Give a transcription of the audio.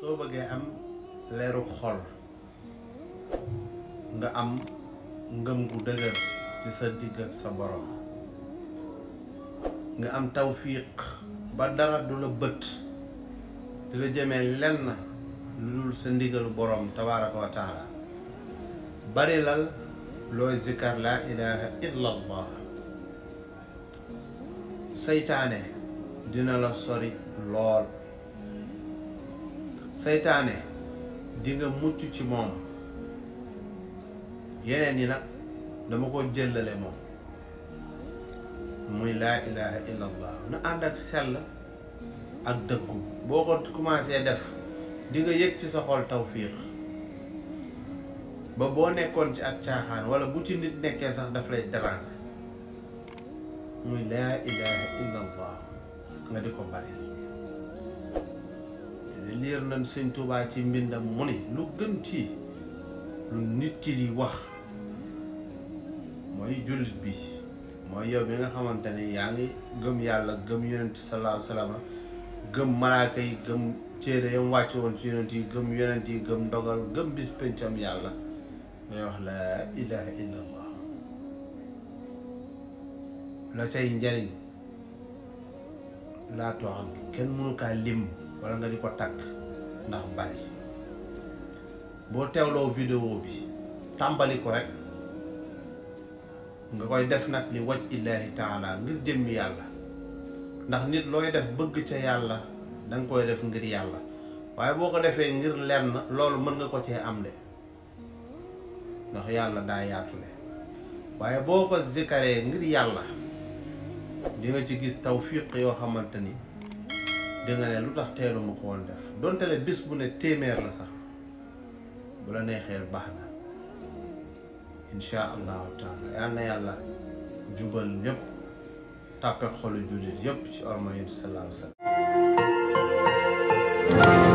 soo bëggee am leeru xol nga am ngëm gu dëgër ci sa digg sa borom nga am tawfiq ba dara du la bët di la jëmee lenn lu dul sa ndigalu boroom tabaaraka wa bari lal looy zikkar laa ilaha illa seytaane dina la sori lool seytaane di nga mucc ci moom yeneen yi nag dama ko jëllale moom muy laa ilaha illa na ànd ak sell ak dëkku boo ko commencé def di nga yëg ci sa xol tawfiix ba boo nekkoon ci ak caaxaan wala bu ci nit nekkee sax daf lay déranger muy laa ilaha illa nga di ko bari liir nañ sëñ Tuubaa ci mbindam mu ni lu gën ci lu nit ki di wax mooy jullit bi mooy yow mi nga xamante ni yaa ngi gëm yàlla gëm yonent sallallahu alayhi wa gëm malaaka yi gëm téere yam wàcce woon ci yonent yi gëm yonent yi gëm ndogal gëm bis yàlla ngay wax la ilaha illallah la cay njariñ laa toxam kenn mënu lim wala nga di ko tàkk ndax bari boo teewloo vidéo bi tàmbali ko rek nga koy def nag li waj illaahi taala ngir jëmmi yàlla ndax nit looy def bëgg ca yàlla danga koy def ngir yàlla waaye boo ko defee ngir lenn loolu mën nga ko cee am de ndax yàlla daa yaatule waaye boo ko zikaree ngir yàlla di ci gis tawfiq yoo xamante ni di nga ne lu tax teelu ma ko def donte ne bés bu ne téeméer la sax bu la neexee baax na insha allahu taala yal na yàlla jubal ñëpp tàppe xolu jullit yëpp ci orma yi wa sallam